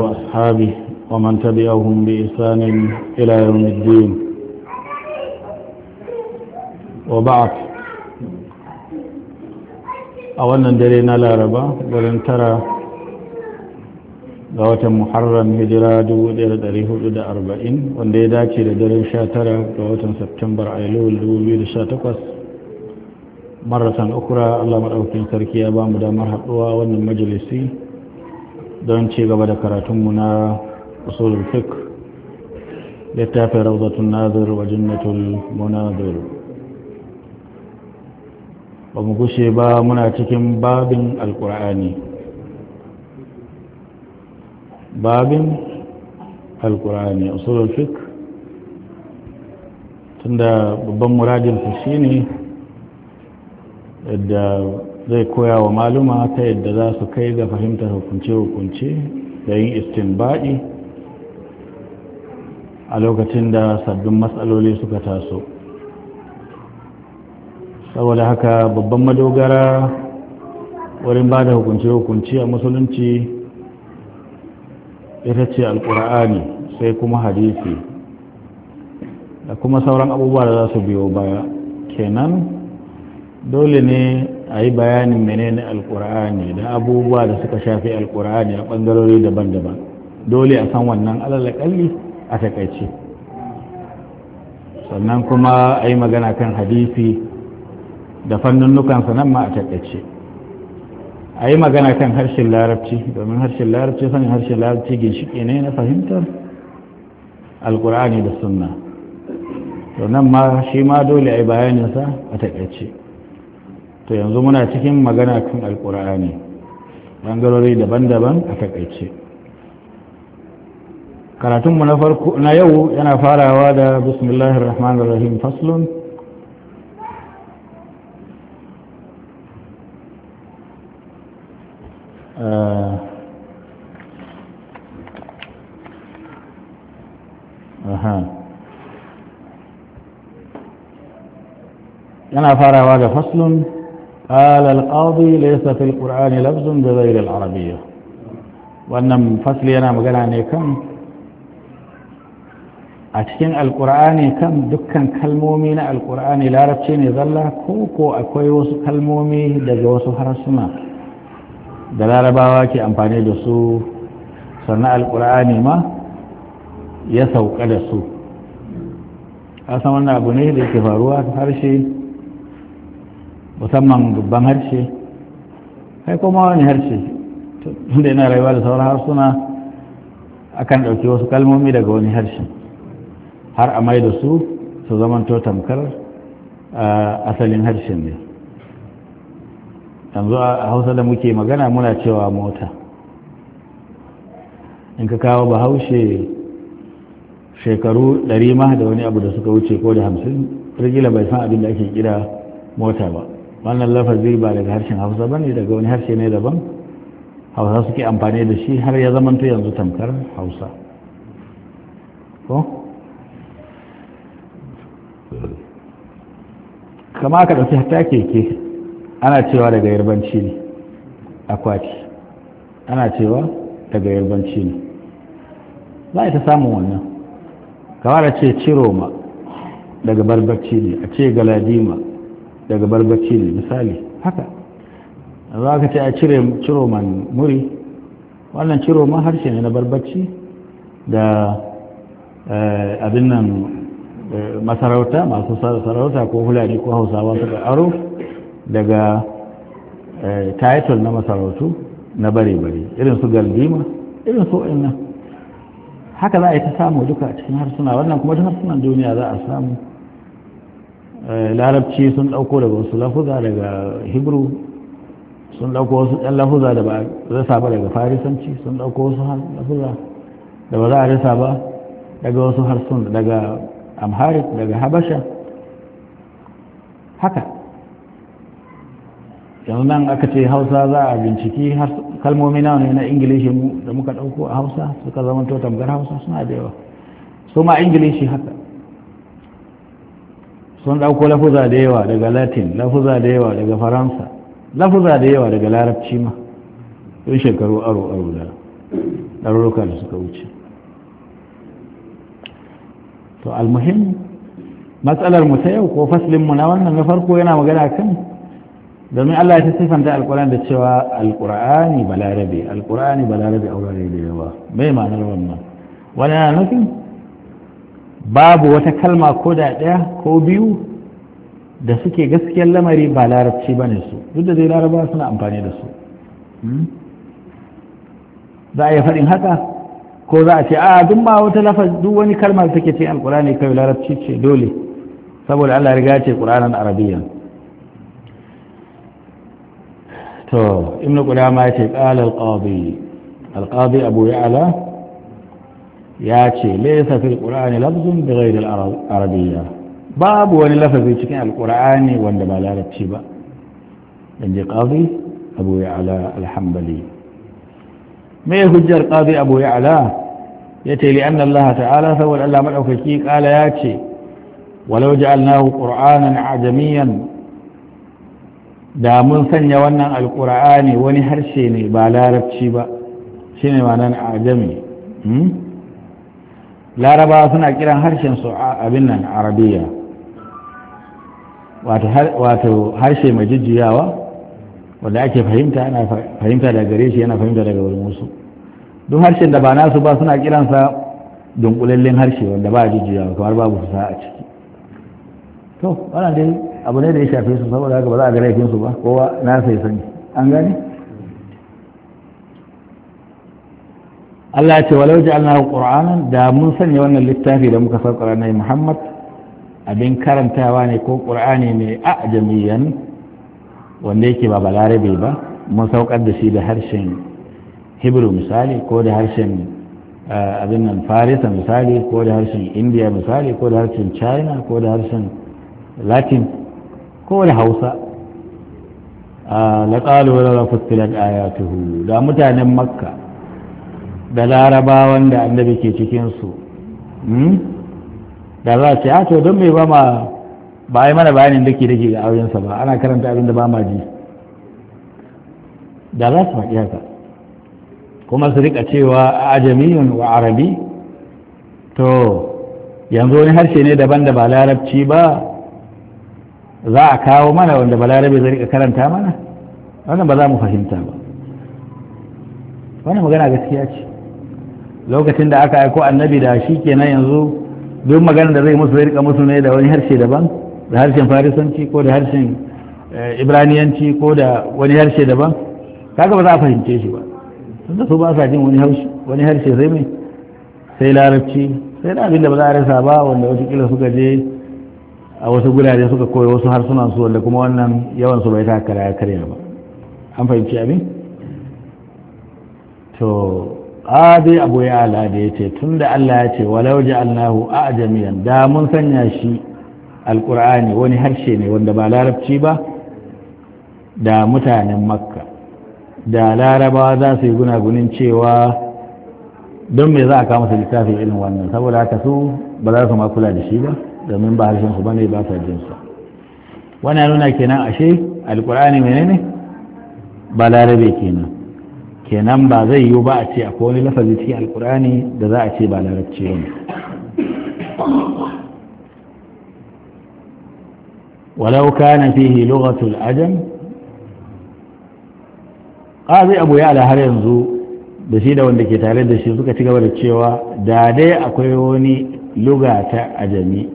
وأصحابه ومن تبعهم بإحسان إلى يوم الدين وبعد أولا درينا لا ربا ولن ترى ga watan muharram hijira 1440 wanda ya dace da daren 19 ga watan septembar ailul 2018 marasan ukura allah maɗaukin sarki ya ba mu damar haɗuwa wannan majalisi don ci gaba da karatunmu na usulul fiqh littafin rawdatun nazir wa jannatul munazir ba mu gushe ba muna cikin babin alkur'ani babin alkur'ani usulul fiqh tunda babban muradin shi ne da zai koya wa maluma ta yadda za su kai ga fahimtar hukunce-hukunce da yin ba'i a lokacin da sabbin matsaloli suka taso saboda haka babban madogara wurin ba da hukunce-hukunce a musulunci ita ce alkur'ani sai kuma hadisi da kuma sauran abubuwa da za su biyo baya kenan dole ne a yi bayanin menene alkur'ani da abubuwa da suka shafi alkur'ani a bangarori daban-daban dole a san wannan alalakalli a takaice sannan kuma a yi magana kan hadisi da fannunukansa nan ma a takaice a yi magana kan harshen larabci domin harshen larabci sanin harshen larabci ginshiƙi ne na fahimtar alkur'ani da sunna sannan nan ma shi ma dole a yi bayaninsa a takaice to yanzu muna cikin magana kan alkur'ani bangarori daban-daban a takaice karatunmu na farko na yau yana farawa da bismillahir rahmanir rahim faslun uh, yana farawa da faslun قال القاضي ليس في القرآن لفظ بغير ya wannan fasli yana magana ne kan a cikin alkur'ani kan dukkan kalmomi na alkur'ani larabci ne zalla ko ko akwai wasu kalmomi daga wasu harsuna da larabawa ke amfani da su sannan alkur'ani ma ya sauka da su asan wannan abu ne da ke faruwa harshe harshe musamman dubban harshe kai kuma wani harshe tunda yana rayuwa da sauran harsuna akan ɗauki wasu kalmomi daga wani harshe har a mai da su su to tamkar asalin harshen ne yanzu a hausa da muke magana muna cewa mota in ka kawo bahaushe shekaru ɗari ma da wani abu da suka wuce ko da hamsin rigila bai san abin da ake kira mota ba wannan lafazi ba daga harshen hausa ba ne daga wani harshe ne daban hausa suke amfani da shi har ya zamanto yanzu tamkar hausa ko kama aka ɗauki hata keke ana cewa daga yarbanci ne akwati ana cewa daga yarbanci ne za a ta samun wannan kama da ce ciroma daga barbacci ne a ce galadima daga barbaci ne misali haka za ka ce a cire ciroman man muri wannan ciro harshe ne na barbaci da eh, abin nan eh, masarauta masu sarauta ko hulari ko hausawa suka aro daga eh, title na masarautu na bare-bare irin su galbima irin su inna haka za a yi ta samu duka cikin harsuna wannan kuma duk harsunan duniya za a samu Eh, larabci sun ɗauko daga wasu lafuza daga hebrew sun ɗauko wasu ɗan lafuza da ba rasa ba daga farisanci sun ɗauko wasu lafuza da ba za a rasa ba daga wasu harsun daga amharic daga habasha haka yanzu nan aka ce hausa za a binciki kalmomi nawa ne na ingilishi da muka ɗauko a hausa suka zama tamgar hausa suna da yawa su ma ingilishi haka sun ɗauko lafuza da yawa daga latin lafuza da yawa daga faransa lafuza da yawa daga larabci ma sun shekaru aro aro da ɗarurruka da suka wuce to almuhim matsalar mu ta yau ko faslinmu mu na wannan na farko yana magana kan domin Allah ya ta sifanta alkur'ani da cewa alkur'ani balarabe alkur'ani balarabe aurare da yawa mai ma'anar wannan wani yana nufin babu wata kalma ko da ɗaya ko biyu da suke gaskiyar lamari ba larabci ba ne su duk da zai laraba suna amfani da su hmm? za a yi faɗin haka ko za a ce a duk ba wata lafaz duk wani kalma da take ce alkurani kai larabci ce dole saboda allah riga ce kuranin arabiya to ibnu qudama ya ce qala al-qadi al-qadi abu ya'la ya ce laisa fil qur'ani lafzun bi da al-arabiyya babu wani lafazi cikin alqur'ani wanda ba larabci ba dan je qadi abu ya'la alhambali. hanbali me hujjar qadi abu ya'la yace li anna allah ta'ala saboda allah madaukaki ƙala ya ce walau ja'alnahu qur'anan ajamiyan da mun sanya wannan alqur'ani wani harshe ne ba larabci ba shine ma'anar ajami larabawa suna kiran harshen su abin nan arabiya wato harshe mai jijjiyawa wanda ake fahimta ana fahimta daga gare shi yana fahimta daga wurin wasu duk harshen da ba nasu ba suna kiransa dunkulallen harshe wanda ba jijjiyawa kamar babu fusa a ciki to wannan dai abu ne da ya shafe su saboda haka ba za a ga su ba kowa na sai sani an gane Allah ya ce walau ja'alna qur'anan da mun sanya wannan littafi da muka saukar na Muhammad abin karantawa ne ko qur'ani ne a jami'an wanda yake ba balarabe ba mun saukar da shi da harshen Hebrew misali ko da harshen eh, abin nan Farisa misali ko da harshen India misali ko da harshen China ko da harshen Latin ko da Hausa ah, la qalu la fustilat ayatuhu da mutanen Makka da larabawan da annabi ke cikinsu hmm? da za ce a ah, to don mai ba ma ba a yi mana bayanin da ke da ke ga auyensa ba ana karanta abin da ba ma ji da za su faɗi haka kuma su rika cewa ajamiyun wa arabi to yanzu wani harshe ne daban da ba larabci ba za a kawo mana wanda ba larabe zai rika karanta mana wannan ba za mu fahimta ba wannan magana gaskiya ce lokacin da aka aiko annabi da shi kenan yanzu duk magana da zai musu zai rika musu ne da wani harshe daban da harshen farisanci ko da harshen eh, ibraniyanci ko da wani harshe daban kaga ba za a fahimce shi ba tunda su ba sa jin wani harshe sai mai sai larabci sai da abin da ba za a rasa ba wanda wasu kila suka je a wasu gurare suka koya wasu harsunan su wanda kuma wannan yawan su bai ta karaya karya ba an fahimci abin to qadi abu ala da yace tunda Allah ya ce walau allahu a'jamiyan da mun sanya shi alqur'ani wani harshe ne wanda ba larabci ba da mutanen makka da larabawa za su yi gunagunin cewa don me za a kama su littafin irin wannan saboda haka su ba za su ma kula da shi ba domin ba harshen su bane ba sa jin sa wannan nuna kenan ashe alqur'ani menene ba larabe kenan kenan ba zai yiwu ba a ce akwai wani lafazi cikin alkur'ani da za a ce ba larabci ba walau kana fihi lughatul ajam qazi abu ya ala har yanzu da shi da wanda ke tare da shi suka ci gaba da cewa da dai akwai wani luga ta ajami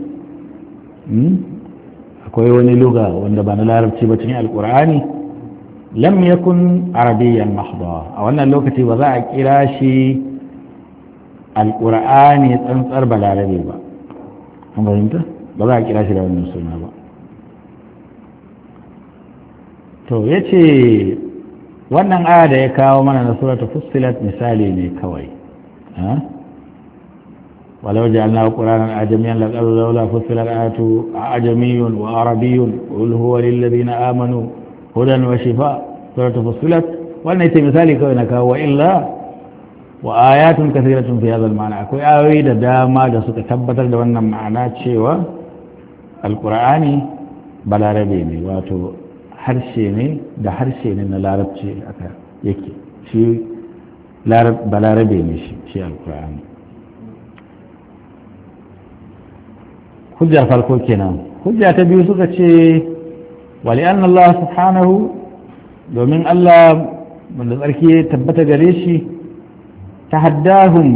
hmm? akwai wani luga wanda ba na larabci ba cikin alkur'ani lam yakun arabiyyan mahda a wannan lokaci ba za a kira shi alqur'ani tsantsar balarabe ba an fahimta ba za a kira shi da wannan suna ba to yace wannan aya da ya kawo mana na suratul fussilat misali ne kawai ولو جعلناه قرانا عجميا لقالوا لولا فصلت آية أعجمي وعربي قل هو للذين آمنوا hudan wa shifa suratu fussilat wannan ita misali kawai na kawo illa wa ayatun kathiratun fi hadha al-ma'na akwai ayoyi da dama da suka tabbatar da wannan ma'ana cewa alqur'ani balarabe ne wato harshe ne da harshe ne na larabci aka yake shi balarabe ne shi shi alqur'ani hujja farko kenan hujja ta biyu suka ce ولأن الله سبحانه domin Allah wanda tsarki ya tabbata gare shi tahaddahum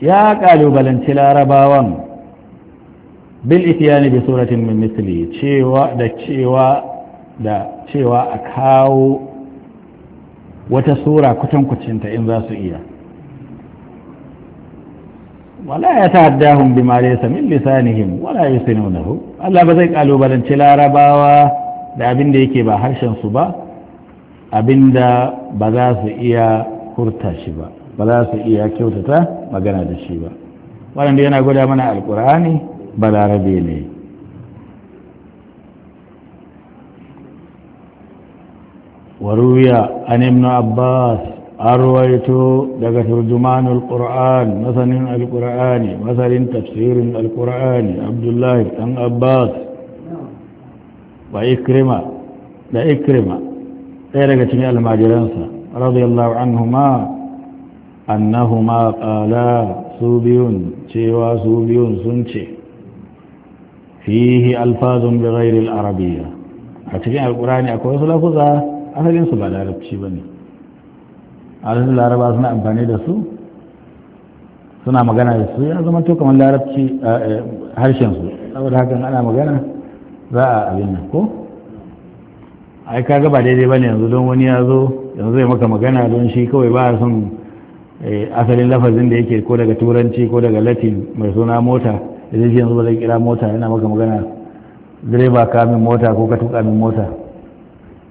ya kalubalanci larabawan bil itiyani bi suratin min misli cewa da cewa a kawo wata sura kwatankwacinta in za su iya wala ya tahaddahum bima laysa min lisanihim wala yusinunahu Allah ba zai kalubalanci larabawa da abin da yake ba harshen su ba abin da ba za su iya hurta shi ba ba za su iya kyautata magana da shi ba waɗanda yana gwada mana alkur'ani balarabe ne waruya an ibn abbas arwaito daga turjumanul qur'an masanin alkur'ani masanin tafsirin alkur'ani abdullahi Ɗan abbas ba ikrima da ikrima ɗaya daga cikin almajiransa radiyallahu anhuma annahuma qala su biyun cewa su biyun sun ce fihi alfazun bi ghairi arabiyya a cikin alqur'ani akwai wasu lafuza asalin su ba larabci bane asalin laraba suna amfani da su suna magana da su ya zama to kamar larabci eh, eh, harshen su saboda hakan ana magana za a abin nan ko ai ka gaba daidai bane yanzu don wani ya zo yanzu ya maka magana don shi kawai ba son eh, asalin lafazin da yake ko daga turanci ko daga latin mai suna mota da shi yanzu ba zai kira mota yana maka magana direba ka min mota ko ka tuka min mota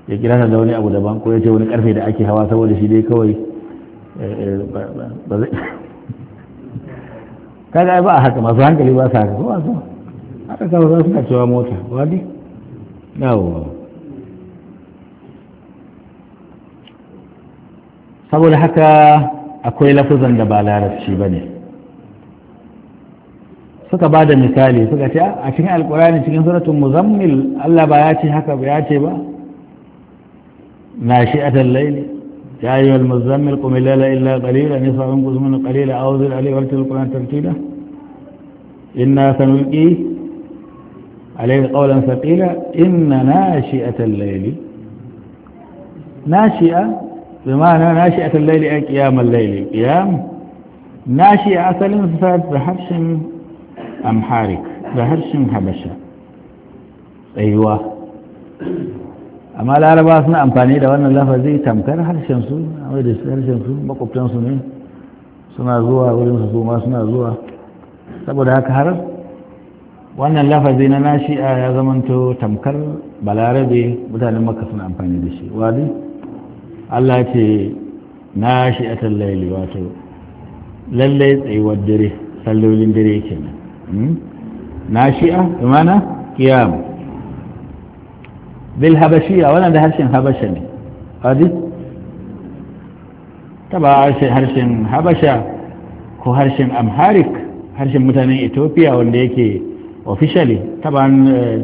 ya kira ta da wani abu daban ko ya ce wani karfe da ake hawa saboda shi dai kawai eh, eh, ba zai kaga ai ba a haka masu hankali ba su haka ko ba su haka kawo za suna cewa mota wadi dawowa saboda haka akwai lafuzan da ba larabci ba ne suka ba da misali suka ce a cikin alkurani cikin suratun muzammil Allah ba ya ce haka ba ya ce ba na shi a tallaili ya yi wal muzammil kuma lala illa qalila ne sabon guzmin qalila a wuzir alewar tilkuran tartila inna sanulki عليه قولا ثقيلا إن ناشئة الليل ناشئة بمعنى ناشئة الليل أي قيام الليل قيام ناشئة أصل صفات بحرش أمحارك بحرش حبشة أيوة أما لا ربا سنة أمباني لو أن الله فزي تمكر حرشن سو أويد حرشن سو مقبتن سنين سنة زوا ولم سنة زوا سنة زوا سبو دهك حرش wannan lafazi na nashi'a ya zamanto tamkar balarabe mutanen maka suna amfani da shi wadi allah ce nashi'atar laili wato lallai tsayuwar dare sallolin dare ke nan hmm? nashi'a imana kiyam bil habashiya wannan da harshen habasha ne wadi taba harshen habasha ko harshen amharik harshen mutanen ethiopia wanda yake officially taban eh,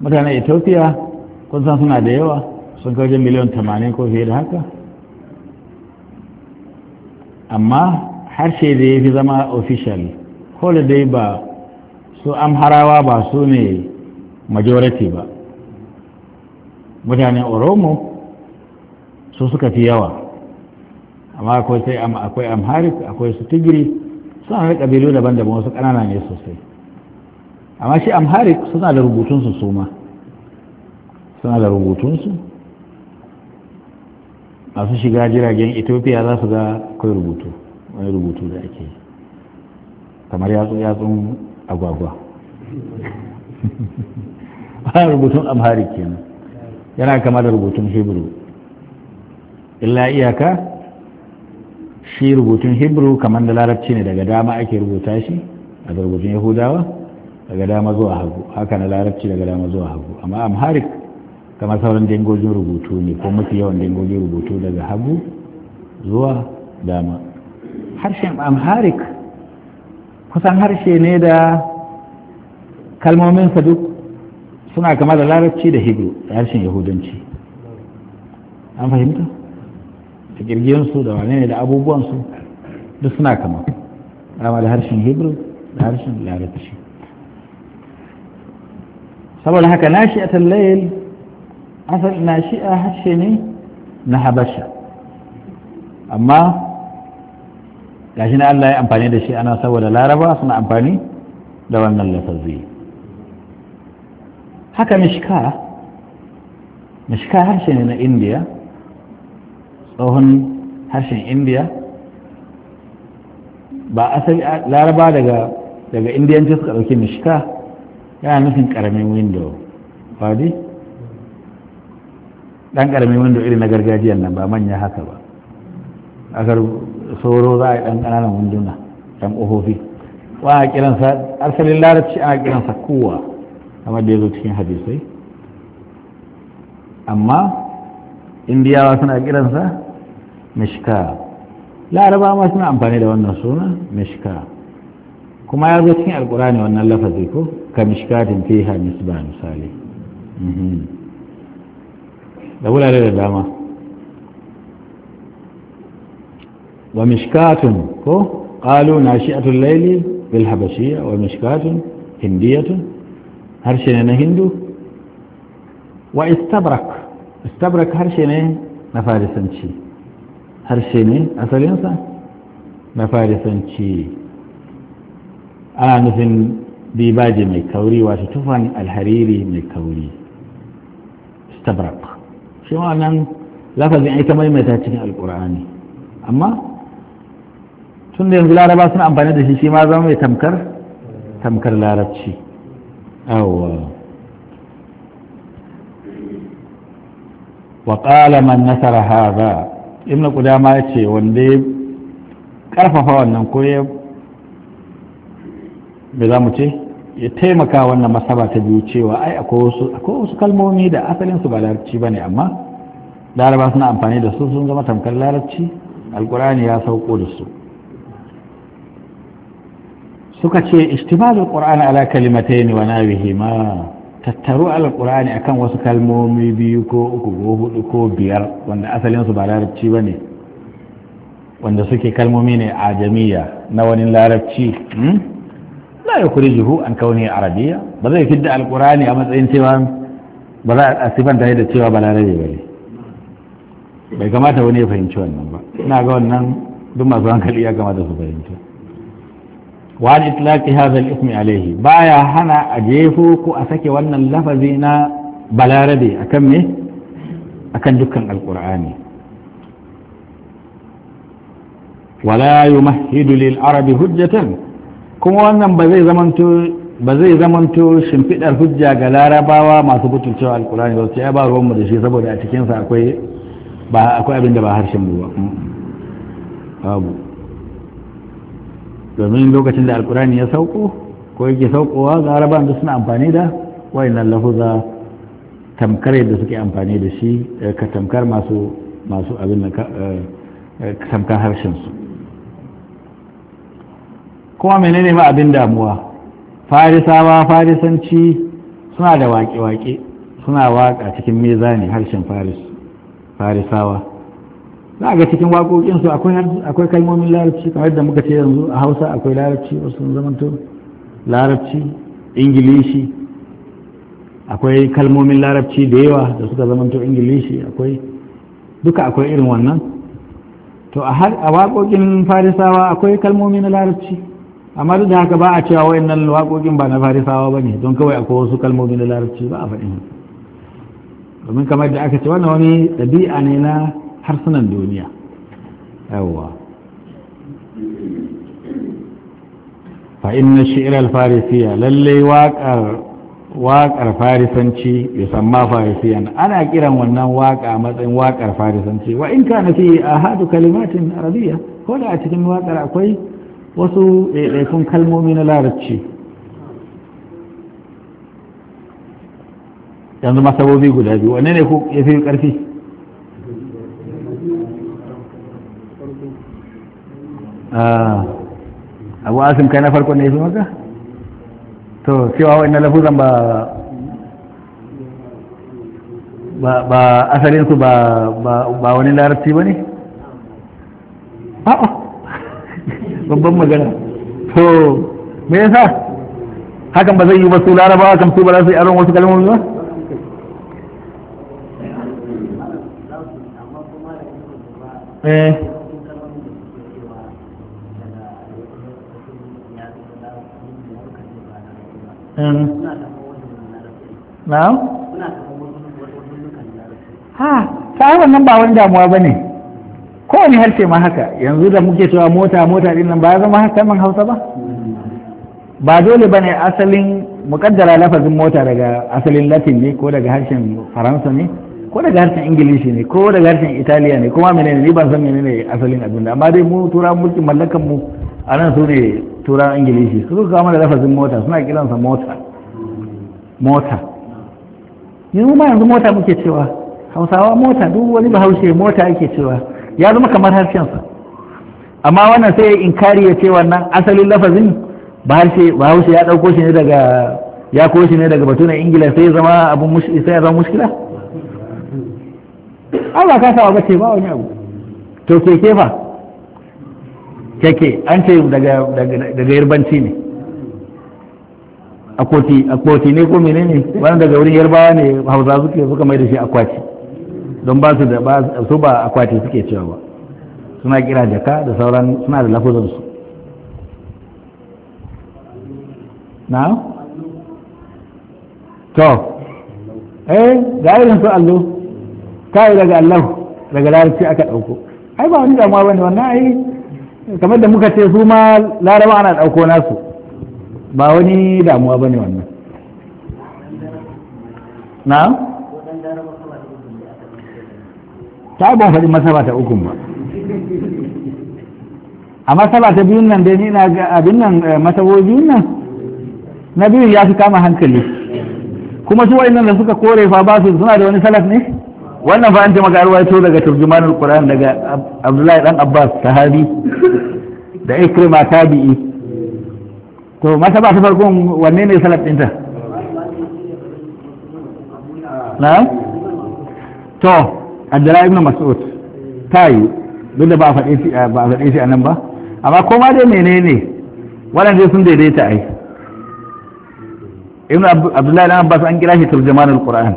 mutanen ethiopia kun suna da yawa sun kaje miliyan 80 ko fiye da haka amma harshe da ya fi zama official holiday ba su amharawa ba su ne majority ba mutanen oromo su suka fi yawa amma akwai amharic akwai su tigiri suna da ƙabilu daban-daban wasu ƙanana ne sosai amma shi amharic suna da rubutunsu su ma suna da rubutunsu masu shiga jiragen ethiopia za su ga kai rubutu wani rubutu da ake kamar yatsun agwagwa ana rubutun amharic kenan yana kama da rubutun hebrew illa iyaka shi rubutun hebrew kamar da larabci ne daga dama ake rubuta shi a rubutun yahudawa daga dama zuwa hagu haka na larabci daga dama zuwa hagu amma amharic kamar sauran dangogin rubutu ne ko mafi yawan dangogin rubutu daga hagu zuwa dama harshen amharic kusan harshe ne da kalmominsa duk suna kama da larabci da hebrew harshen yahudanci an fahimta da girgiyansu da wane ne da abubuwansu duk suna kama kama da harshen hebrew da harshen larabci saboda haka nashi'atul layl asal nashi'a harshe ne na habasha amma gashi na Allah ya amfani da shi ana saboda laraba suna amfani da wannan lafazi haka mishka mishka harshe ne na indiya tsohon harshen indiya ba asali laraba daga daga indiyanci suka ɗauki mishka yana nufin karamin window faɗi Dan karamin window irin na gargajiyar nan ba manya haka ba akar sauro za a yi dan kananan winduna dan ƙofofi wa a kiransa asalin larabci a kiransa kowa kamar da ya zo cikin hadisai amma indiyawa suna kiransa mishka laraba ma suna amfani da wannan suna mishka kuma ya zo cikin alkurani wannan lafazi ko كمشكات فيها نسبة مثالي لولا لدى داما ومشكات كو قالوا ناشئة الليل بالحبشية ومشكات هندية هرشنة هندو واستبرك استبرك هرشنة نفارسنشي هرشنة أصلينسا نفارسنشي أنا مثل dibaji mai kauri wasu tufan alhariri mai kauri stabrak shi ma wannan lafazin ita maimaita cikin alkur'ani amma tun da yanzu laraba suna amfani da shi shi ma zama mai tamkar tamkar larabci awwa وقال haza نصر هذا ابن ce يتي وندي كرففا wannan ko ya me mu ce ya taimaka wannan masaba ta biyu cewa ai akwai wasu kalmomi da asalin su ba larabci bane amma laraba suna amfani da su sun zama tamkar larabci alkurani ya sauko da su suka ce ishtimalul alkurani ala ne wa nawihi ma tattaru alkurani a akan wasu kalmomi biyu ko uku ko hudu ko biyar wanda asalin su ba larabci bane wanda suke kalmomi ne a jamiya na wani larabci hmm? la yukhrijuhu an kauni arabiyya ba zai fidda alqur'ani a matsayin cewa ba za a sifanta da cewa balarabe ba ne bai kamata wani ya fahimci wannan ba ina ga wannan duk masu hankali ya kamata su fahimci wa an itlaqi hadha al-ismi alayhi baya hana a jefu ko a sake wannan lafazi na balarabe akan me akan dukkan alqur'ani wala yumahhidu lil arabi hujjatan kuma wannan ba zai zamanto ba zai zamanto shimfiɗar hujja ga larabawa masu butulcewa alkurani wasu ya ba ruwanmu da shi saboda a cikinsa akwai ba akwai abin da ba harshen mu ba babu domin lokacin da alkurani ya sauko ko yake saukowa larabawan da suna amfani da wayannan lafuza tamkar yadda suke amfani da shi eh, ka tamkar masu masu abin da eh, eh, tamkar harshen su kuma menene ma abin damuwa farisawa farisanci suna da waƙe-waƙe suna waƙa cikin ne harshen faris farisawa za a ga cikin waƙoƙinsu akwai kalmomin larabci kamar da muka ce yanzu a hausa akwai larabci wasu zamanto larabci ingilishi akwai kalmomin larabci da yawa da suka zamanto ingilishi akwai duka akwai irin wannan to a waƙoƙin farisawa akwai kalmomi na larabci amma duk da haka ba a cewa nan waƙoƙin ba na farisawa ba ne don kawai akwai wasu kalmomi na larabci ba a faɗin domin kamar da aka ce wannan wani ɗabi'a ne na harsunan duniya yawwa fa inna shi'ir al-farisiya lalle waƙar waƙar farisanci samma farisiyan ana kiran wannan waƙa matsayin waƙar farisanci wa in kana fi ahadu kalimatin arabiyya ko da a cikin waƙar akwai wasu ɗaiɗaikun kalmomi na larabci yanzu masabobi guda biyu wanne ne ya fi ƙarfi ah, abu asim kai na farko ne ya fi maka to cewa wa na lafuzan ba ba asalinsu ba wani larabci ba ne? a'a babban magana to me yasa hakan ba zai yi ba su larabawa kan su ba za su yi aron wasu kalmomi ba eh na'am ha ta wannan ba wani damuwa ba ne kowane harshe ma haka yanzu da muke cewa mota mota din nan ba ya zama haka man hausa ba ba dole bane asalin mukaddara lafazin mota daga asalin latin ne ko daga harshen faransa ne ko daga harshen ingilishi ne ko daga harshen italiya ne kuma menene ni ban san menene asalin abin da amma dai mu tura mulkin mallakan mu a nan su ne tura ingilishi su suka mana lafazin mota suna kiransa mota mota yanzu ma yanzu mota muke cewa hausawa mota duk wani bahaushe mota ake cewa ya zama kamar harshensa amma wannan sai ya inkari ya ce wannan asalin lafazin ba harshe ba haushe ya ɗauko shi ne daga ya koyo shi ne daga batu na ingila sai ya zama abun sai ya zama mushkila Allah ka sawa bace ba wani abu to ke fa keke an ce daga daga yarbanci ne akwati akwati ne ko menene wannan daga wurin yarbawa ne hausa suke suka mai da shi akwati don ba su da ba su ba akwati suke cewa ba suna kira jaka da sauran suna da su na? to eh ga irin su allo kai daga allah daga larabci aka dauko ai ba wani damuwa bane wannan ai kamar da muka ce su ma laraba ana dauko nasu ba wani damuwa bane wannan na? ta ban faɗi masaba ta ukun ba a masaba ta biyun nan dai na ga abin nan eh, masabo biyun nan na biyun ya fi kama hankali kuma su wa'annan da suka kore fa ba su suna da wani salaf ne wannan fa an ta maka arwaito daga turjumanul qur'an daga abdullahi dan abbas sahabi da ikrima tabi'i to masaba ta farkon wanne ne salaf ta na to abdullahi ibn mas'ud ta yi duk da eh, ba a faɗe shi a nan ba amma koma dai menene waɗanda sun daidaita ai ibn abdullahi ibn abbas an kira shi al-Qur'an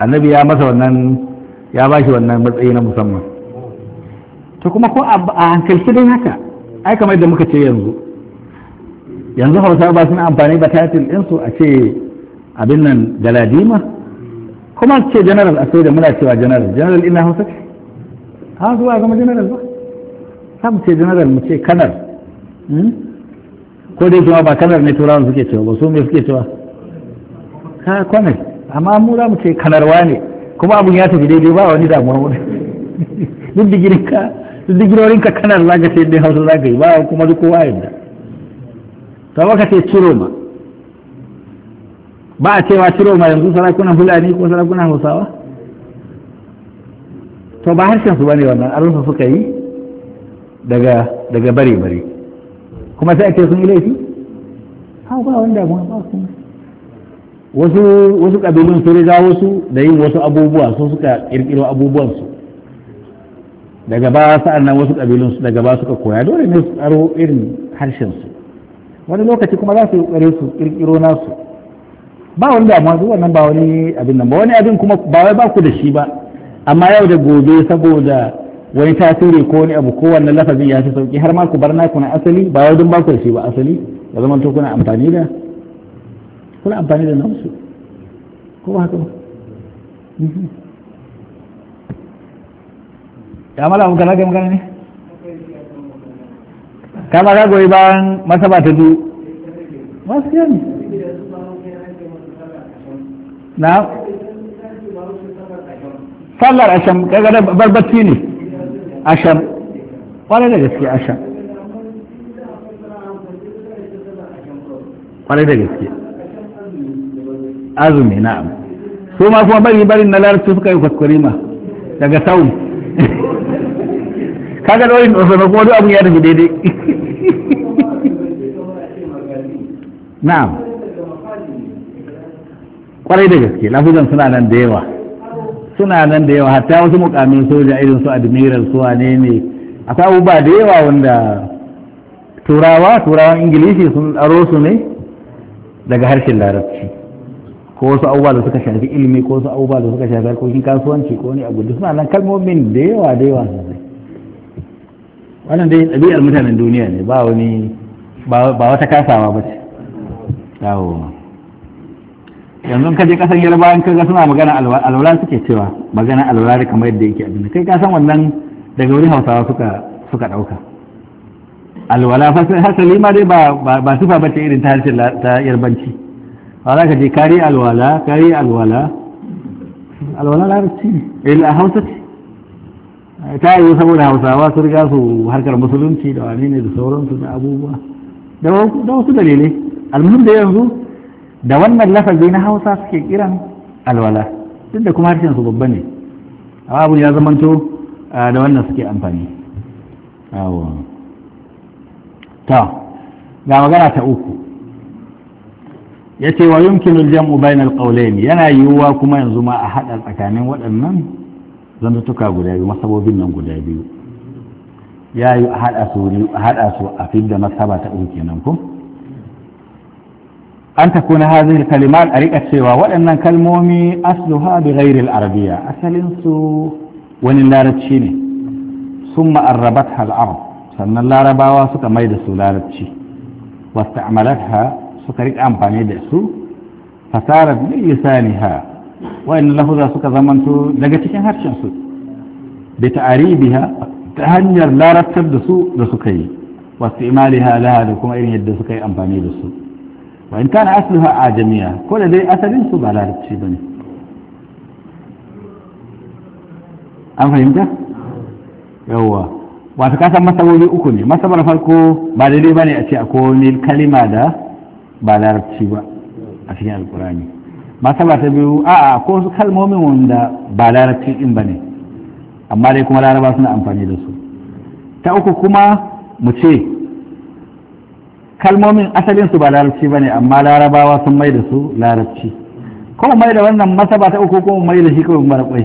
annabi ya masa wannan ya ba shi wannan matsayi na musamman to kuma ko a hankalci dai haka ai kamar da muka ce yanzu yanzu hausawa ba suna amfani ba title ɗinsu a ce abin nan galadima kuma ce general a sai da muna cewa general general ina hausa ce ha zuwa zama general ba ta mu ce general mu ce kanar hmm? ko dai kuma ba kanar ne turawan suke cewa ba su mai suke cewa ka kwanar amma mu za mu ce kanarwa ne kuma abun ya tafi daidai ba wani damuwa wani duk digirin ka duk digirorin ka kanar zaka ce dai hausa zaka yi ba kuma duk kowa yadda to baka ce ciro ma ba a cewa ciro ma yanzu sarakunan fulani ko sarakunan hausawa to ba harshen su bane wannan arunsa suka yi daga daga bare bare kuma sai ake sun yi laifi ha ba wanda ba ba kuma wasu wasu kabilun sun riga wasu da yin wasu abubuwa su suka kirkiro abubuwan su daga ba sa'an nan wasu kabilun su daga ba suka koya dole ne su tsaro irin harshen su wani lokaci kuma za su yi kokare su kirkiro nasu ba wani damuwa zuwa nan ba wani abin nan ba wani abin kuma ba wai ba ku da shi ba amma yau da gobe saboda wani tasiri ko wani abu ko wannan lafazin ya fi sauki har ma ku bar naku na asali ba wai dun ba ku da shi ba asali ya zama to kuna amfani da kuna amfani da nasu ko ba haka ba mhm. ya mala abu kana kai magana ne kama ka goyi bayan masaba ta du masu yanzu na sallar asham kaga da barbacci ne asham kwarai da gaske asham kwarai da gaske azumi na'am su ma kuma bari bari na larabci suka yi kwaskwari ma daga saun kaga da wani ɗansa kuma duk abin ya tafi daidai na'am kwarai da gaske lafuzan suna nan da yawa suna nan da yawa hatta wasu mukamin soja irin su admiral su wane ne akwai abubuwa da yawa wanda turawa turawan ingilishi sun tsaro su ne daga harshen larabci ko wasu abubuwa da suka shafi ilimi ko wasu abubuwa da suka shafi harkokin kasuwanci ko wani abu suna nan kalmomin da yawa da yawa sosai wannan dai ɗabi'ar mutanen duniya ne ba wani ba wata kasawa ba ce yawo yanzu ka je kasar ka ga suna magana alwala suke cewa magana alwala da kamar yadda yake abin kai ka san wannan daga wurin hausawa suka suka dauka alwala hasali ma dai ba ba sufa ce irin ta harshen ta yarbanci ba za ka je kari alwala kari alwala alwala larabci ne il eh, a hausa ce ta yi saboda hausawa su riga su harkar musulunci da wani ne da sauransu da abubuwa da wasu dalilai almuhim da yanzu da wannan lafazi na hausa suke kiran alwala duk da kuma harshen su babba ne amma abu ya zamanto da wannan suke amfani ta ga magana ta uku ya ce wa yumkinul jam'u bainal ne, yana yiwuwa kuma yanzu ma a hada tsakanin waɗannan zantuka guda biyu masabobin nan guda biyu ya yi a hada su a fidda masaba ta uku kenan ku? an ta kuna hazin kalimar a riƙa cewa waɗannan kalmomi asluha bi ghairil arabiya asalinsu wani larabci ne sun ma'arrabat hal'ar sannan larabawa suka mai da su larabci wasu amalatha suka rika amfani da su fasarar bin lisaniha wa'annan lafuza suka zamanto daga cikin harshen su bi ta'aribiha ta hanyar larabtar da su da suka yi wasu imaliha laha da kuma irin yadda suka yi amfani da su wa in kana a jami'a ko da dai asalin su ba larabci bane an fahimta yawwa wato kasan san masaboli uku ne masabar farko ba daidai ba ne a ce akwai wani kalima da ba larabci ba a cikin alkurani masaba ta biyu a'a ko su kalmomin wanda ba larabci ba ne amma dai kuma laraba suna amfani da su ta uku kuma mu ce kalmomin asalinsu ba larabci ba ne amma larabawa sun mai da su larabci ko mai da wannan masaba ta uku ko mai da shi kawai mara kwai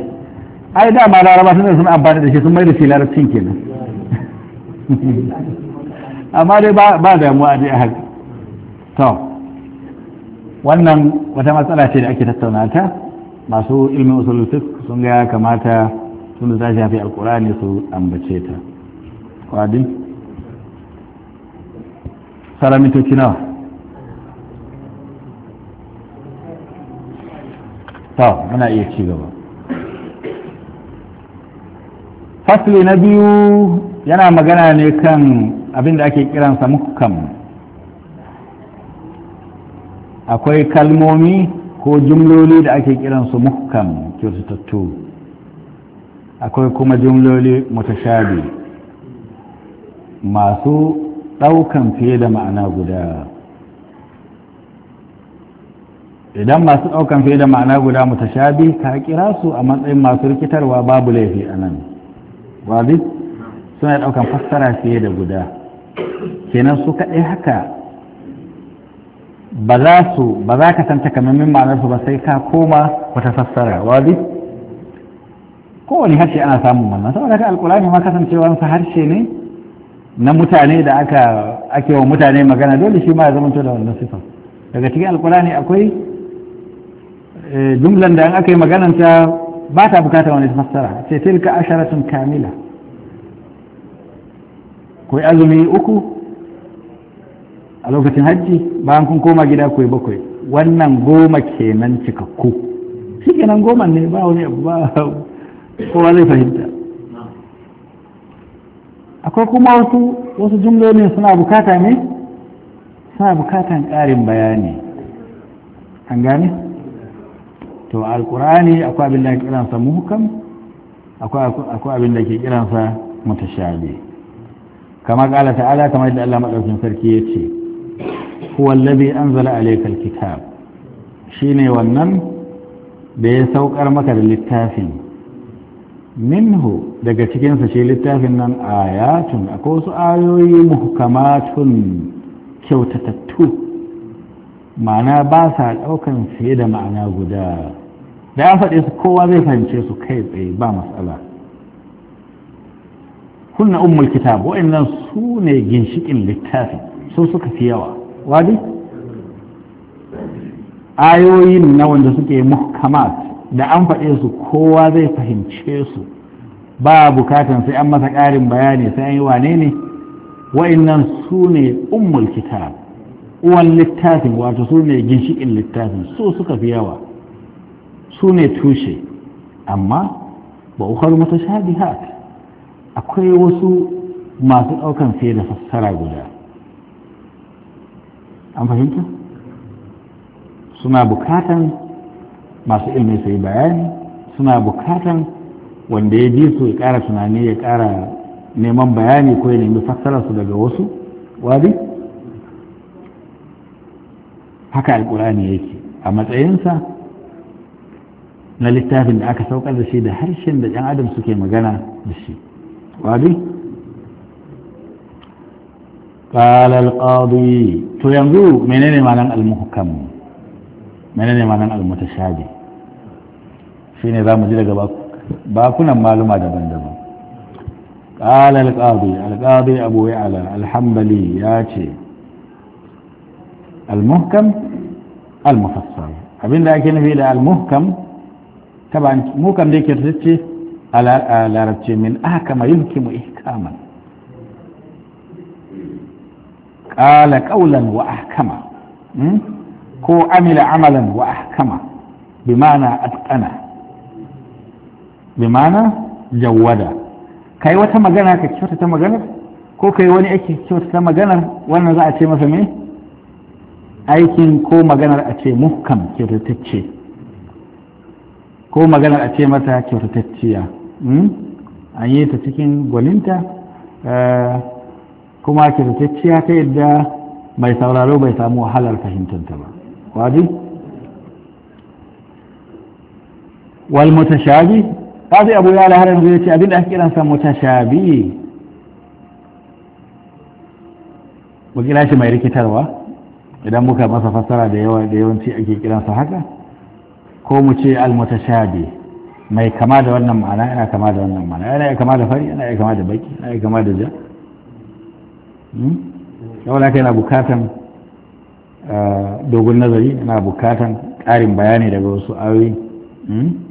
ai dama laraba sun sun amfani da shi sun mai da shi larabcin kenan amma dai ba damuwa mu a haka to wannan wata matsala ce da ake tattauna ta masu ilmin usulul fiqh sun ga kamata sun da ta shafi alqur'ani su ambace ta kwadin sara ta muna iya na biyu yana magana ne kan abin da ake kiransa kan akwai kalmomi ko jumloli da ake kiransu kan kyautattu akwai kuma jumloli mutashabi masu ɗaukan fiye da ma'ana guda idan masu ɗaukan fiye da ma'ana guda mutashabi ka kira su a matsayin masu rikitarwa babu laifi a nan wadi suna ɗaukan fassara fiye da guda kenan su kaɗai haka ba za su ba za ka san takamaimin ma'anarsu ba sai ka koma wata fassara wadi kowane harshe ana samun wannan saboda ka alƙulani ma kasancewansa harshe ne na mutane da aka ake wa mutane magana dole shi ma ya zama da wannan sifan daga cikin alkurani akwai eh, jumlan da an aka yi magananta ba ta bukata wani fassara ce tilka asharatun kamila ko azumi uku a lokacin hajji bayan kun koma gida ku bakwai wannan goma kenan cikakku shi kenan goma ne ba wani abu ba kowa zai fahimta akwai kuma wasu wasu jumlolin suna bukata ne suna bukatan ƙarin bayani an gane to alkur'ani akwai abin da ke kiransa muhukam akwai abin da ke kiransa mutashabi kama kala ta'ala kamar da Allah madaukakin sarki ya ce huwa allazi anzala alayka alkitab shine wannan da ya saukar maka da littafin minhu daga cikinsa shi littafin nan ayatun akwai wasu ayoyi muhkamatun kyautatattu ma'ana ba sa ɗaukan fiye da ma'ana guda da ya faɗe su kowa zai fahimce su kai tsaye ba matsala kunna ummul kitab wa'annan su ne ginshikin littafin su suka fi yawa wadi ayoyin na wanda suke muhkamat da an faɗe su kowa zai fahimce su ba bukatan sai an masa ƙarin bayani sai an yi wane ne nan su ne ummul kitab uwan littafin wato su ne ginshiƙin littafin su suka fi yawa su ne tushe amma ba ukar mutashabihat akwai wasu masu ɗaukan fiye da fassara guda an fahimta suna bukatan masu ilmi su yi bayani suna bukatan wanda ya ji su ya kara tunani ya kara neman bayani ko ya nemi fassararsu daga wasu wadi haka alkurani yake a matsayinsa na littafin da aka saukar da shi da harshen da 'yan adam suke magana da shi wadi قال القاضي تو ينظر منين المحكم منين المتشابه shi ne za mu ji daga bakunan maluma daban-daban ƙala alƙadi alƙadi abu ya ala alhambali ya ce almuhkam almufassar abin da ake nufi da almuhkam taba muhkam da ke tattace alarabce min aka mayin kimu ihkaman ƙala ƙaunan wa ahkama hmm? ko amila amalan wa ahkama bi mana bi jawada jawwada kai wata magana ka kyauta ta maganar ko kai wani aiki kyauta ta maganar wannan za a ce masa me aikin ko maganar a ce muhkam kyautatacce ko maganar a ce mata kyautatacciya hmm? an yi ta cikin gwaninta eh, kuma kyautatacciya ta yadda mai sauraro bai samu wahalar fahimtanta ba wadi wal mutashabi kazi abu ya ala harin zai ce abinda ake kiransa mutashabi mu kira shi mai rikitarwa idan muka masa fassara da yawa da yawanci ake kiransa haka ko mu ce almutashabi mai kama da wannan ma'ana yana kama da wannan ma'ana yana kama da fari yana kama da baki yana kama da ja yau hmm? da yana bukatan eh, dogon nazari yana bukatan ƙarin bayani daga wasu ayoyi hmm?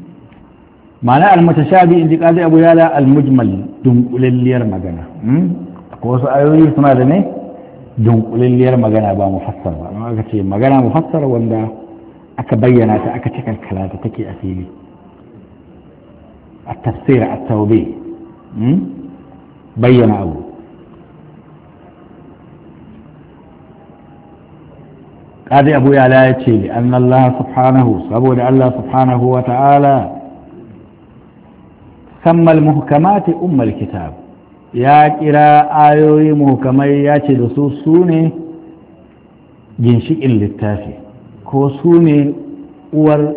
ma'ana almutashabi in ji kaji abu yala almujmal dunkulalliyar magana hmm? ko wasu ayoyi suna da ne dunkulalliyar magana ba mufassar ba amma aka ce magana mufassar wanda aka bayyana ta aka ce cika ta take a fili a tafsir a taube hmm? bayyana abu قاضي أبو يعلى يتشيلي أن subhanahu saboda allah subhanahu wa taala. sammal muhkamati ummal kitab ya kira ayoyi muhkamai ya ce da su su ne ginshikin littafi ko su ne uwar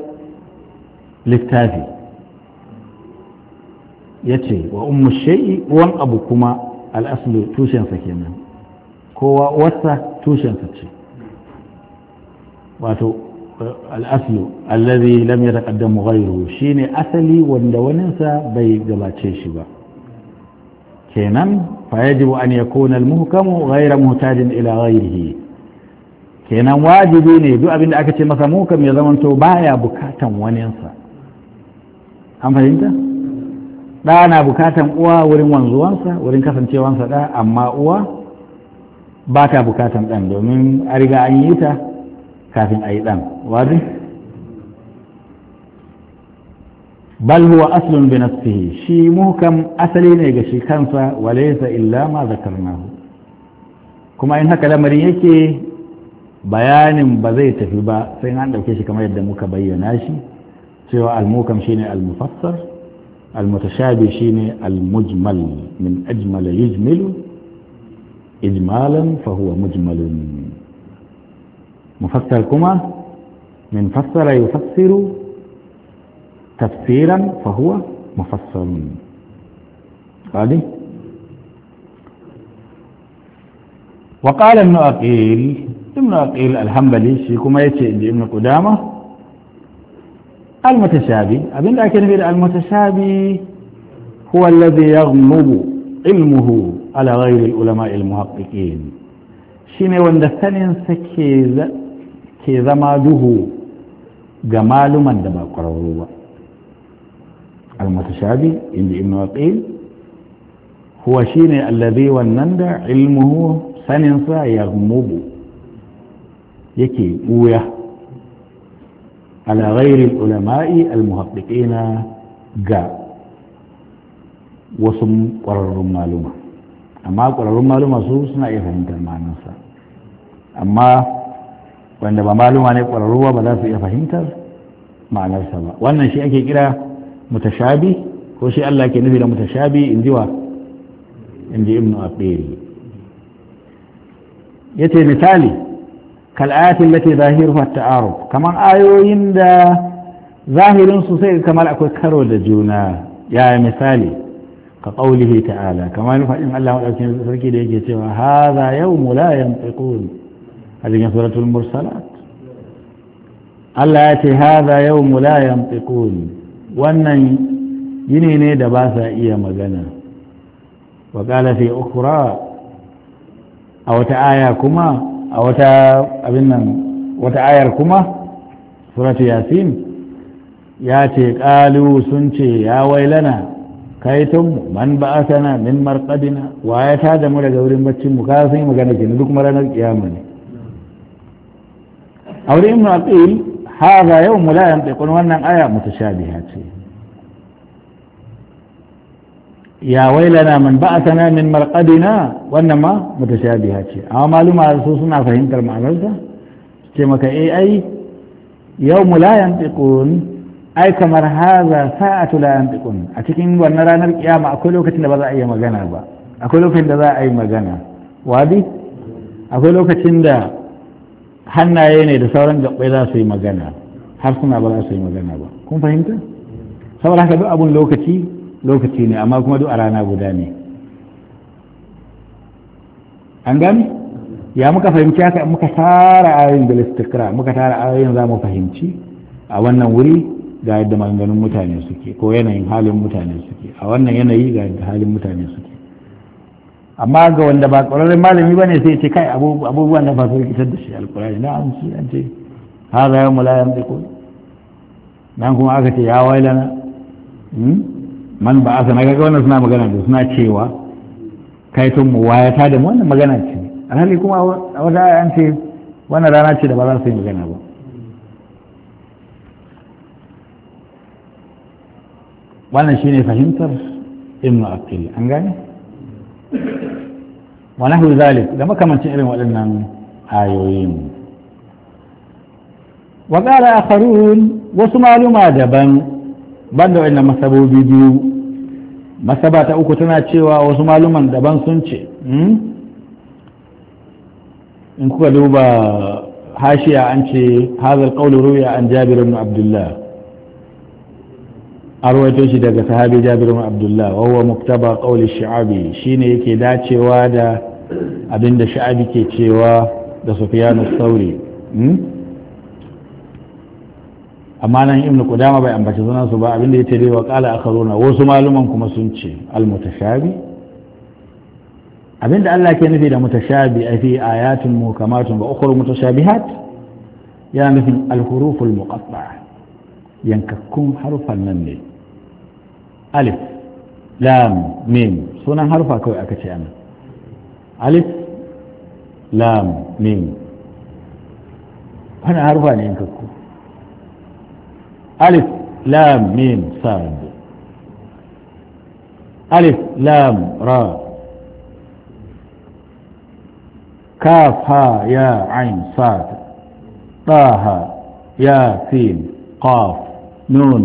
littafi ya ce wa ummu shai'i uwan abu kuma al'aslu tushensa kenan kowa uwarsa tushensa ce wato al'aslu allazi lam yataqaddamu ghayruhu shine asali wanda waninsa bai gabace shi ba kenan fa yajibu an yakuna al-muhkamu ghayra muhtajin ila ghayrihi kenan wajibi ne duk abin da aka ce masa muhkam ya zamanto baya bukatan waninsa an fahimta ɗa na bukatan uwa wurin wanzuwansa wurin kasancewansa ɗa amma uwa ba ta bukatan ɗan domin a riga an yi ta kafin a yi ɗan wazi bal huwa aslun bi nafsihi shi mukam asali ne ga shi kansa walaysa illa ma zakarnahu kuma in haka lamarin yake bayanin ba zai tafi ba sai an ɗauke shi kamar yadda muka bayyana shi cewa mukam shine almufassar mutashabi shine mujmal, min ajmal yujmilu ijmalan fa huwa mujmalun مفسر كما من فسر يفسر تفسيرا فهو مفسر هذه وقال ابن أقيل ابن أقيل الحنبلي شيكما يتشئ ابن قدامة المتشابه أبن لكن في المتشابه هو الذي يغمض علمه على غير العلماء المحققين شيني وندثنين سكيز ke zama duhu ga maluman da ba ƙwararru ba almatashabi inda ibn waqil huwa shine allazi wannan da ilmuhu saninsa ya mubu yake ɓuya ala ulama'i al almuhaqqiqina ga wasu ƙwararrun maluma amma ƙwararrun maluma su suna iya fahimtar ma'anarsa amma wanda ba maluma ne ƙwararruwa ba za su iya fahimtar ma'anarsa ba wannan shi ake kira mutashabi ko shi Allah ke nufi da mutashabi in ji wa in ji ibnu abdiri yace misali kal ayatin lati zahiruha ta'arub kaman ayoyin da zahirin su sai kamar akwai karo da juna ya misali ka qaulihi ta'ala kamar fa'in Allah madaukakin sarki da yake cewa hadha yawmu la yanfiqun أذن سورة المرسلات Allah ya ce haza yau mulayan tsikoni wannan yini ne da ba sa iya magana wa ƙala fi ukura a wata aya kuma a wata abin nan wata ayar kuma suratu yasin ya ce ƙalu sun ce ya wailana kaitun man ba'asana min marqadina wa ya tada mu daga wurin baccin mu ka sun yi magana kenan duk ranar kiyama ne aure ibn atil hadha yawm la yantiqun wannan aya mutashabiha ce ya wailana man ba'athana min marqadina wannan ma mutashabiha ce amma maluma su suna fahimtar ma'anarta ce maka eh ai yawm la yantiqun ai kamar hadha sa'atu la yantiqun a cikin wannan ranar kiyama akwai lokacin da ba za a yi magana ba akwai lokacin da za a yi magana wadi akwai lokacin da hannaye ne da sauran gabbai za su yi magana har suna ba za su yi magana ba kun fahimta saboda haka duk abun lokaci lokaci ne amma kuma duk a rana guda ne an gani ya muka fahimci haka muka tara ayoyin da listikra muka tara ayoyin za mu fahimci a wannan wuri ga yadda maganganun mutane suke ko yanayin halin mutane suke a wannan yanayi ga yadda halin mutane suke amma ga wanda ba ƙwararren malami ba ne sai ce kai abubuwan da ba su rikitar da shi alƙurari na amsu an ce ha za yi mula yamta ko nan kuma aka ce ya lana hmm? man ba a sana gaga wannan suna magana da suna cewa kai tun mu wayata da mu wannan magana ce alhali kuma a wata aya an ce wannan rana ce da ba za su yi magana ba wannan shine fahimtar ibnu aqil an gane Wani nahwi zalik da makamancin irin waɗannan ayoyin wa a akharun wasu maluma daban ban da wannan masabobi biyu masaba ta uku tana cewa wasu maluman daban sun ce hmm? in kuka duba hashiya an ce hazar qawlu ruya an jabir ibn Abdullahi. arwaito shi daga sahabi jabir bin abdullah wa muktaba qawli shi'abi shine yake dacewa da abinda shi'abi ke cewa da sufyan as-sauri hmm? amma nan ibnu qudama bai ambaci sunan su ba abinda yace dai wa qala akharuna wasu maluman kuma sun ce al-mutashabi abinda Allah ke nufi da mutashabi fi ayatun mukamatun wa ukhra mutashabihat yana nufin al-huruful muqatta'a yankakkun harfan nan ne alif lam mim sunan harfa kawai aka ce ana alif lam mim wani harfa ne yankakku alif lam mim sad alif lam ra كاف ها يا عين صاد طه يا سين قاف nun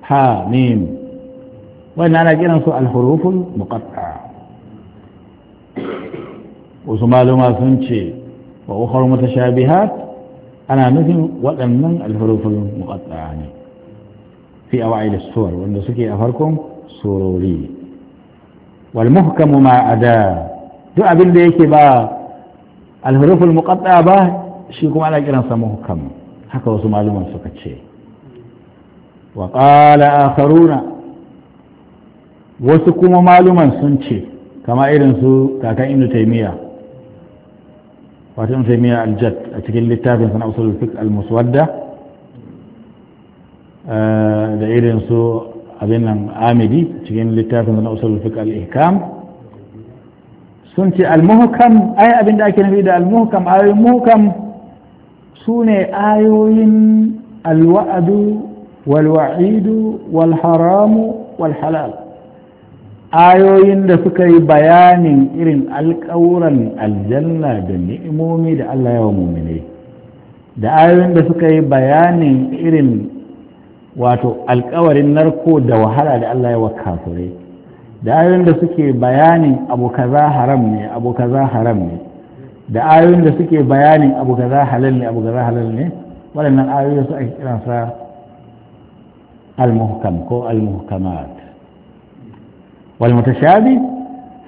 ha mim wannan ana kiran su alhuruful muqatta wasu maluma sun ce wa ukhar mutashabihat ana nufin waɗannan alhuruful muqatta ne fi awa'il suwar wanda suke a farkon surori wal muhkamu ma ada duk abin da yake ba alhuruful muqatta ba shi kuma ana kiransa muhkam haka wasu maluman suka ce wa ƙala akharuna wasu kuma maluman sun ce kama irin su kakan ibnu taimiyya wata ibnu taimiyya al a cikin littafin sana usul fiqh al-muswadda eh, da irin su abin nan amidi cikin littafin sana usul fiqh al-ihkam sun ce al-muhkam ai abin da ake nufi da al-muhkam ayoyin su ne ayoyin alwa'adu. walwa'idu walharamu walhalal ayoyin da suka yi bayanin irin alƙawuran aljanna da ni'imomi da Allah yawa muminai da ayoyin da suka yi bayanin irin wato alƙawarin narko da wahala da Allah yawa kafirai da ayoyin da suke bayanin abu kaza haram ne abu kaza haram ne da ayoyin da suke bayanin abu kaza halal ne abu kaza halal ne waɗannan ayoyin su ake kiransa al-muhkam ko al-muhkamat wal mutashabi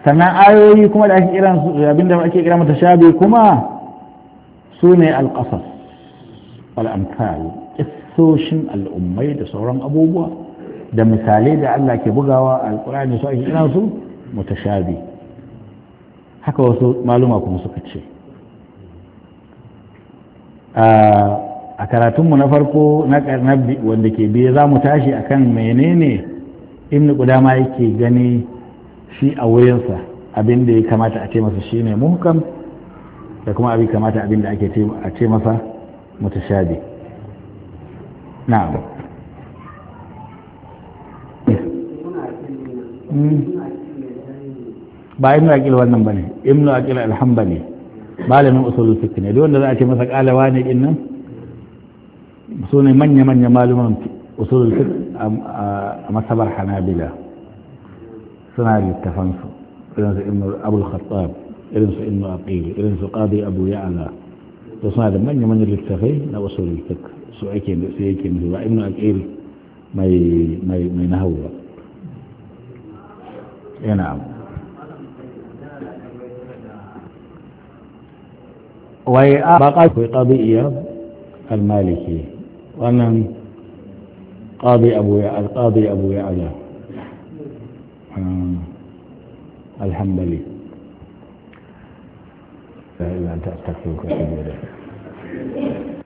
sannan ayoyi kuma da ake kiran abinda ake kira mutashabi kuma sune al-qasas wal amthal kissoshin al'ummai da sauran abubuwa da misalai da Allah ke bugawa al-qur'ani su ake kiran su mutashabi haka wasu maluma kuma suka ce a karatunmu na farko na wanda ke biye za mu tashi a kan menene guda ma yake gani shi a wurinsa abin da ya kamata a ce masa shi ne muhkam da kuma abin kamata abin da ake a ce masa mutashabi na. Hmm. ba ibn akil wannan bane ibn aqil al-hanbali malamin usulul fiqh ne duk wanda za a ce masa kalawa ne din nan سوني من يمن يمال من أصول الفقه أم أم صبر حنابلة سناري التفنس إنس إنه أبو الخطاب إنس إنه أقيل إنس قاضي أبو يعلى وصنع هذا من يمن للتخي نوصول الفقه سؤكين سيكين هو ابن أقيل ما ي... ما ي... ما ينهوه إيه نعم ويقضي المالكي غنم قاضي أبو القاضي أبو يعلى آه، الحنبلي لله أنت أستغفرك وأتوب